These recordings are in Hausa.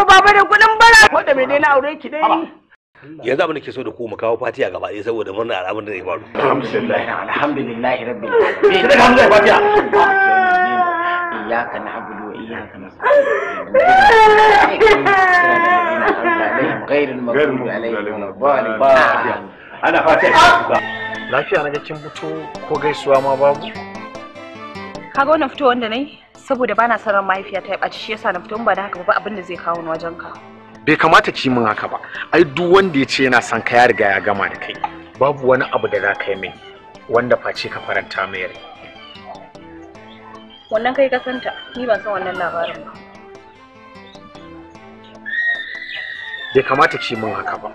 ku baba da kuɗin bara. Ko da mene na aure ki dai. Yanzu abin da ke so da ku mu kawo fatiya gaba ɗaya saboda murna al'amarin da zai faru. Lafiya na ga kin fito ko gaisuwa ma babu. Kaga wannan fito wanda nayi? saboda bana son ran mahaifiya ta ɓaci shi yasa na fito ba da haka ba abin da zai kawo ni wajen ka bai kamata ki min haka ba ai duk wanda ya ce yana son ka ya riga ya gama da kai babu wani abu da za ka yi min wanda face ka faranta mai rai wannan kai ka santa ni ban san wannan labarin ba bai kamata ki min haka ba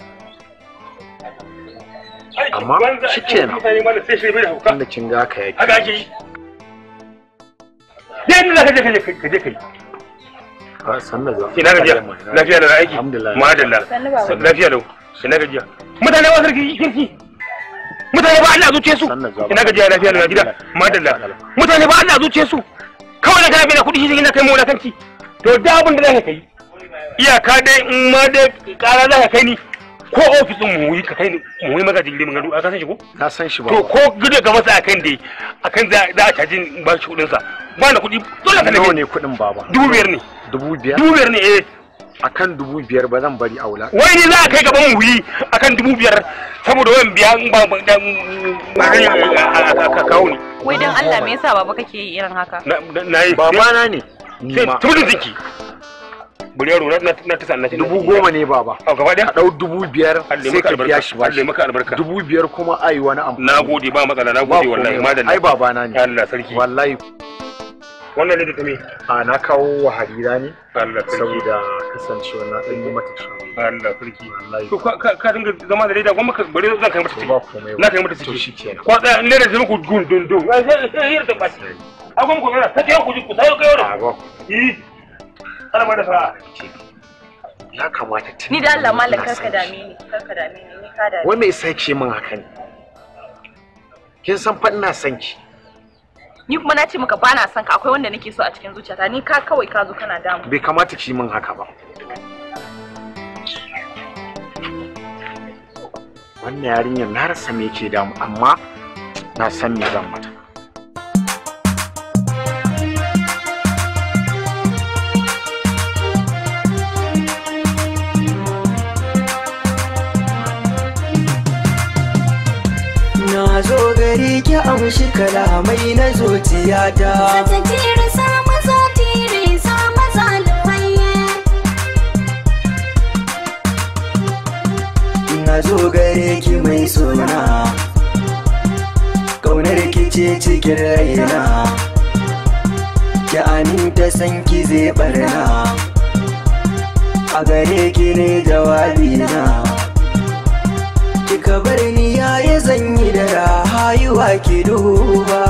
amma shi kenan wanda kin ga ka yake sai inda zaka ka je ka je kai sanna za ina lafiya da aiki madalla lafiya da ina gajiya mutane ba sarki kirki mutane ba Allah zuciye su ina jiya lafiya da gida madalla mutane ba Allah zuciye su kawai da gabe da kudi shi na kai mu wulakanci to da abin da zaka kai iyaka dai in ma dai kara zaka kai ni ko ofisin mu yi ka kai mu yi maka jirgin mun ka san shi ko na san shi ba to ko gida ga masa akan dai akan za a cajin ba shi kudin sa ba da kuɗi dole ka nake ne kuɗin baba dubu biyar ne dubu biyar dubu biyar ne eh akan dubu biyar ba zan bari aula wai ni za a kai gaban wuri akan dubu biyar saboda wayan biya ba ba dan ni wai dan Allah me yasa baba kake yi irin haka nayi baba na ne sai tudu ziki bulero na na tisa na dubu goma ne baba a gaba da dau dubu biyar sai ka biya shi ba Allah maka albarka dubu biyar kuma ayi wani amfani nagode ba matsala nagode wallahi madalla ai baba na ne Allah sarki wallahi wannan ne da a na kawo wa harira ne saboda kasancewa na ɗan yi mata Allah sarki to ka dinga zama da leda gwamma ka bari zan kai mata ciki na kai mata ciki shikenan kwa tsaya in zai muku gun dun dun sai a gwamma ku ta kai ku ku sai kai wannan eh ana mai da sa'a ya kamata tun ni da Allah mallan karka dame ni karka dame ni ni ka dame wai me sai ke min haka ne kin san fa ina ki ni kuma na ce maka bana son ka akwai wanda nake so a cikin zuciyata ni ka kawai ka zo kana damu bai kamata ki min haka ba wannan yarinyar na rasa me yake damu amma na san me zan mata ya amshi kalamai na zuciyata Matajiri sama zatiri sama Na zo gare ki mai suna Kaunar ki ce cikin raina Ki aminta san ki zai barna A gare ki ne jawabina na kika bar ni ya yi yi da rahayuwa ke duba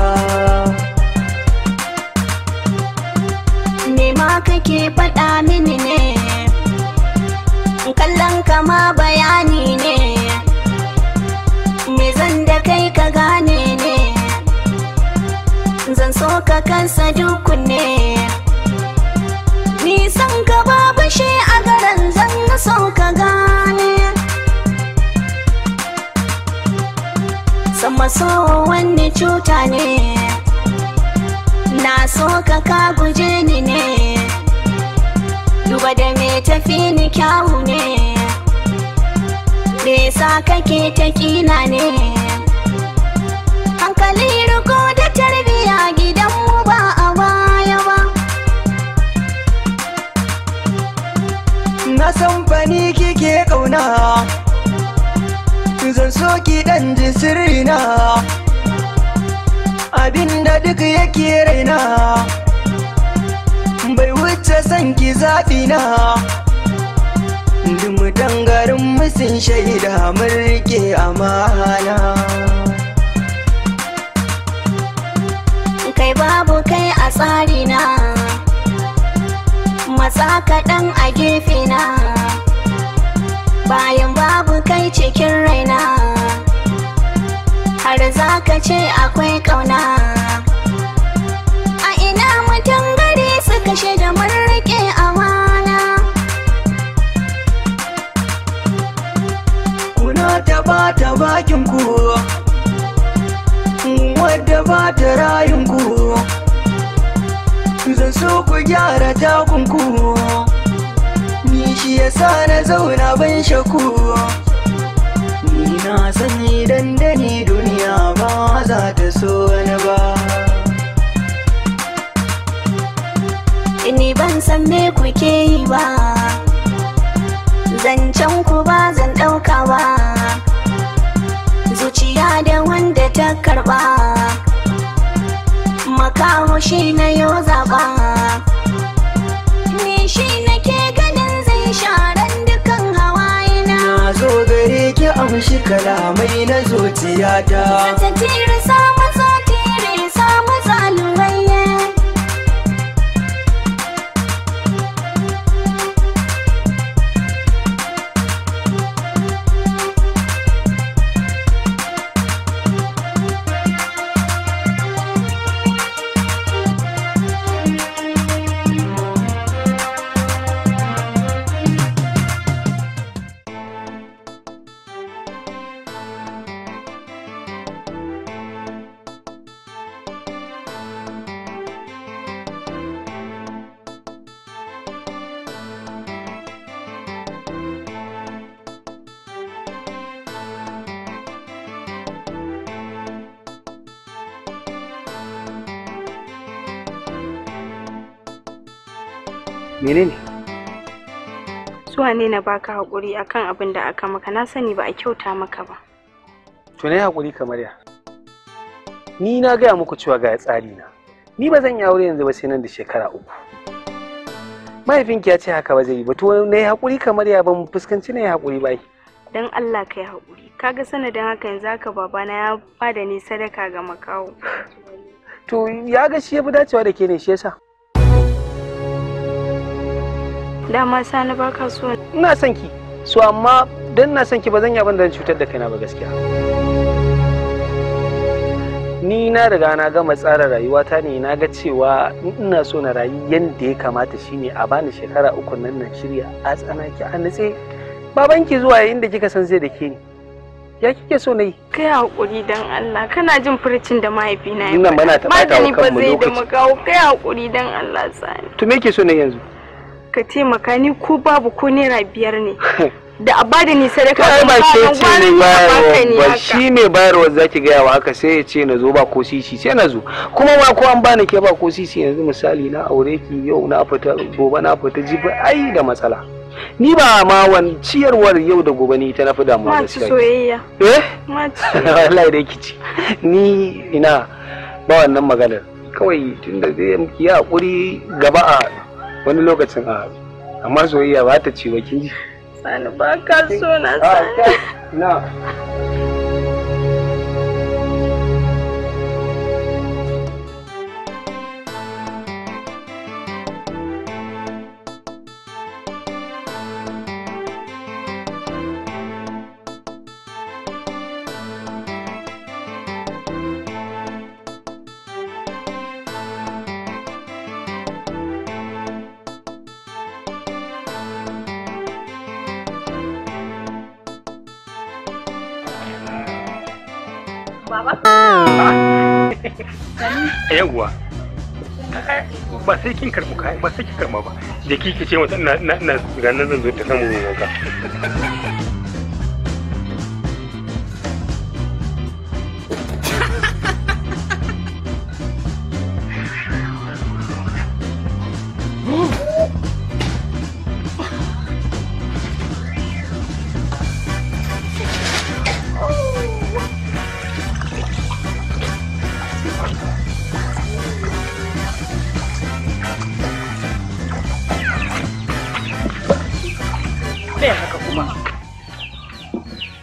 me ma kake faɗa mini ne kallon kama bayani ne me zan da kai ka gane ne zan so ka kansa dukunne san ka babu shi a garin zan so ka gane sama so wani cuta ne na so ka ka guje ni ne duba da me tafi ni kyawu ne nesa kake ta kina ne hankali riko da tarbiya gidanmu ba a baya ba na san fani kike kauna zan so ki dan ji sirrina abinda duk yake raina bai wuce san ki zaɓi na duk garin musin shaida mun rike amana kai babu kai a tsarina matsa kaɗan a gefe bayan babu kai cikin raina har za ka ce akwai ƙauna a ina mutum gari suka shaida marrake a wana kuna taba ta bakin ku wadda ba ta rayun ku zan so ku gyara takunku shi yasa na zauna ban shaku ni na sani dandani duniya ba za ta so wani ba ni ban san me kuke yi ba zancen ku ba zan ɗauka ba zuciya da wanda ta karɓa makaho shi na yau zaɓa ni shi nake ga shi kalamai na zuciyata. ta irin samun menene zuwa ne na baka hakuri akan abin da aka maka na sani ba a kyauta maka ba to nayi haƙuri kamar ya ni na gaya muku cewa ga tsari na ni ba zan yi aure yanzu ba sai nan da shekara uku mahaifinki ya ce haka ba zai yi ba to na yi hakuri kamar ya ban fuskanci na yi hakuri ba dan Allah ka yi hakuri kaga sanadin haka yanzu haka babana ya bada ni sadaka ga makawo to ya ga shi ya fi dacewa da ke ne shi yasa dama sani ba ka so ina son ki so amma dan na son ki ba zan yi abin da cutar da kaina ba gaskiya ni na riga na gama tsara rayuwata ne na ga cewa ina so na rayu yadda ya kamata shine a bani shekara uku nan na shirya a tsanaki a natse babanki zuwa inda kika san zai da ke ni ya kike so na yi kai hakuri dan Allah kana jin furcin da mahaifina ya faɗa magani ba zai da kawo kai hakuri dan Allah tsani to me ke so na yanzu suka taimaka ni ko babu ko naira biyar ne da abba da ni sadaka kai ba sai ce ne bayarwa ba shi ne bayarwa zaki gaya wa haka sai ya ce na zo ba ko sisi sai na zo kuma ba ko an bani ke ba ko sisi yanzu misali na aure ki yau na fita gobe na fita jibi ai da matsala ni ba ma wan ciyarwar yau da gobe ni ta nafi damuwa da soyayya eh wallahi da kici ni ina ba wannan maganar kawai tunda zai yi hakuri gaba a wani lokacin a ah, amma soyayya ba ta ce ba kin ji sani ba ka so na ah, sani na Baba. Yawwa. Ba sai kin karɓi kayan ba sai kin karɓa ba. Jiki ki ce mata ina ina ganin zan zo ta samu wanka.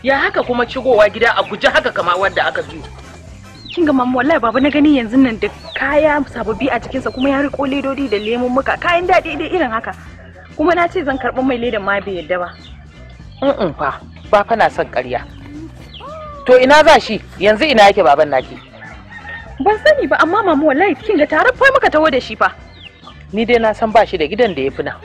ya haka kuma cigowa gida a guji haka kama wadda aka zo kin ga mamu wallahi baba na gani yanzu nan da kaya sababbi a sa kuma ya riko ledodi da lemon muka kayan daɗi dai irin haka kuma na ce zan karɓi mai ledan ma bai yadda ba in fa ba fa na son ƙarya to ina za shi yanzu ina yake baban naki ban sani ba amma mamu wallahi kin ga tare fa muka taho da shi fa ni dai na san ba shi da gidan da ya fi na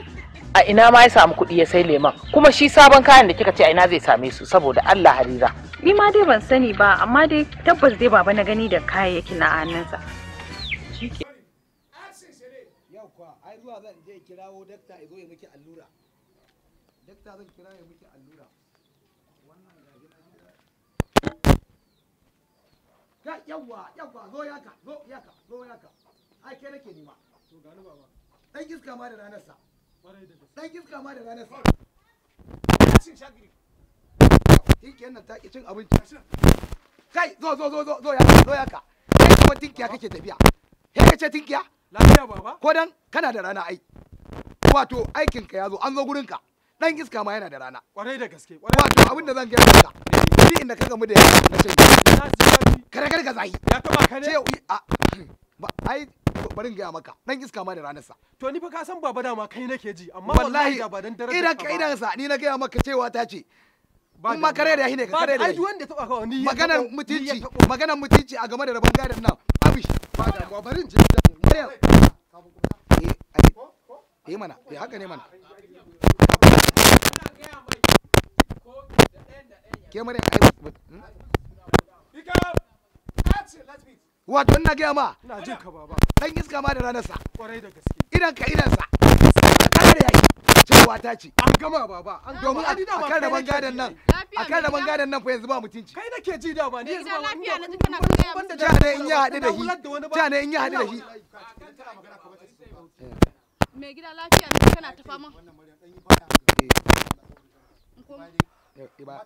a ina ma ya samu kuɗi ya sai lemon? kuma shi sabon kayan da kika ce a ina zai same su saboda Allah harira ni ma dai ban sani ba amma dai tabbas dai baba na gani da kayayyaki na hannunsa yawwa yawwa zo yaka zo yaka zo yaka ai ke nake nema to iska ma da ranar sa dan iska da ranar cin cin abinci kai zo zo zo zo ya zo ya ka kai kuma tinkiya kake tafiya kace tinkiya lafiya baba ko dan kana da rana ai wato aikin ka yazo an zo gurin ka dan iska ma yana da rana kwarai da gaske wato abin da zan gaya maka shi inda ka gamu da yana na ce kare kare ka zahi ya taba kare ai barin gaya maka dan iska ma da ranar sa to ni fa ka san baba dama kai nake ji amma wallahi da ba dan darasa idan ka idan sa ni na gaya maka cewa ta ce ba ma kare da hine ka kare da shi wanda taba ka ni maganar mutunci maganar mutunci a game da rabon gadan nan abish ba da ba barin ji da maryam eh mana eh haka ne mana ke mare ai ikam hmm? that's it Let's beat! wato ina gaya ma ina jin ka baba dan iska ma da ranar sa kwarai da gaske idan ka idan sa kana yayi cewa ta ce an gama baba an domin a kan rabon gadan nan a kan rabon gadan nan fa yanzu ba mutunci kai nake ji da ba ni yanzu lafiya na jin kana ya banda ja ne in ya hadu da shi ja ne in ya hadu da shi me gida lafiya ne kana ta fama wannan dan yi fada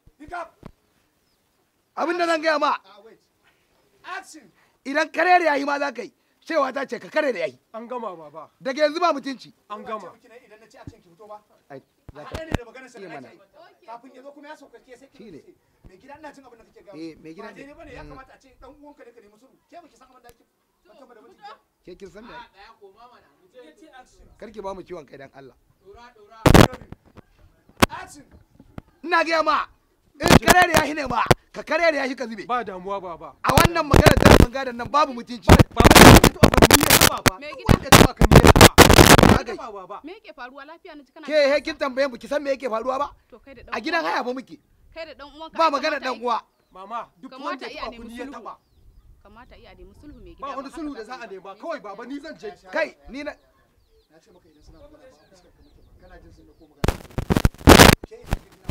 abin da zan gaya ma ah, idan kare da yayi ma za ka yi cewa ta ce ka kare da yayi an gama baba daga yanzu ba mutunci an gama idan na ce a cikin ki fito ba a haɗa ne da maganar sanarwa kafin ya zo kuma ya saukake sai ki mai gida ina cin abin da kake gawo eh, mai gida ne bane ya mm. kamata a ce dan uwanka ne ka nemi sulhu ke baki san abin da da ake ke kin san ah, da karki ba mu ciwon kai dan Allah dora dora action ina gaya ma in eh, karere ya hine ba ka karere ya shi ka zube ba damuwa ba ba a wannan magana ta banga da nan babu mutunci ba ba ba ba ta ba ba ba ke he kin tambaye mu ki san me yake faruwa ba a gidan haya ba muke kai da dan uwanka ba magana dan uwa mama duk wanda ya ku niyyar ta ba kamata iya nemi sulhu mai gida ba wani sulhu da za a nema kawai baba ni zan je kai ni na na ce maka idan suna kana jin sun ko magana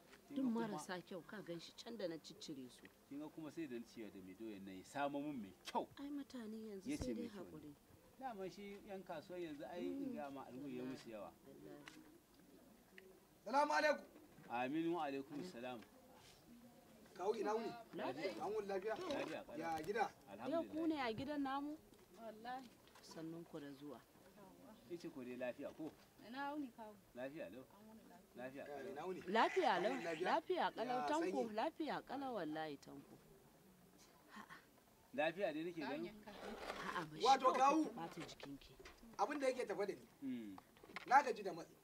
duk marasa kyau ka gan shi can da na ciccire su kinga kuma sai da ciya da mai doyan nan ya samu mun mai kyau ai mutane yanzu sai dai hakuri dama shi yan kasuwa yanzu ai mm. in ga ma alhuri ya musu yawa salamu alaikum aminu alaikum salam kawo ina wuni lafiya an wuni lafiya ya gida yau ku ne a gidan namu wallahi sannun ku da zuwa ita ku dai lafiya ko ina wuni kawo lafiya lau Eh, lafiya lau lafiya kalau tanko lafiya kalau wallahi tanko lafiya dai nake wato gawu abin da yake tafa da ni hmm. na gaji da matsi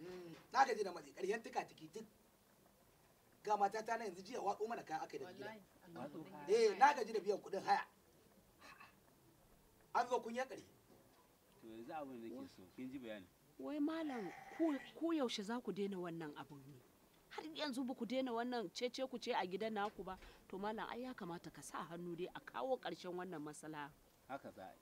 hmm, na gaji da matsi ƙarshen tuka tiki duk ga na yanzu jiya mana kayan da gida eh na gaji da biyan kuɗin haya an zo kun ƙarshe to yanzu abin da so kin ji bayani wai malam ku yaushe za ku daina wannan abin ne har yanzu ba ku daina wannan cece ku ce a gidan naku ba to malam ai ya kamata ka sa hannu dai a kawo ƙarshen wannan masala haka za a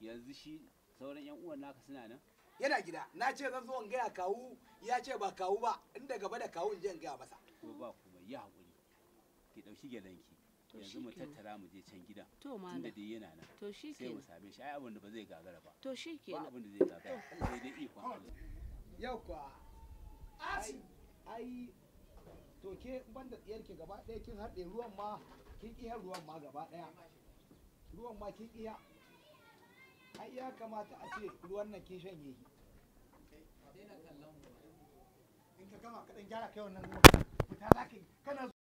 yanzu shi sauran yan uwan naka suna nan yana gida na ce zan zo in gaya kawu ya ce ba kawu ba inda gaba da kawu in je in gaya masa to ba kuma ya haƙuri ki ɗauki gelanki yanzu mu tattara mu je can gidan tunda dai yana nan to shi sai mu same shi ai abin da ba zai gagara ba to shi ke ba abin da zai gagara sai dai iko yau kwa ai to ke ban da tsiyar gaba ɗaya kin haɗe ruwan ma kin iya ruwan ma gaba ɗaya ruwan ma kin iya ai ya kamata a ce ruwan nan kin shanye shi in ka gama gyara kai wannan ruwan fita za ka kana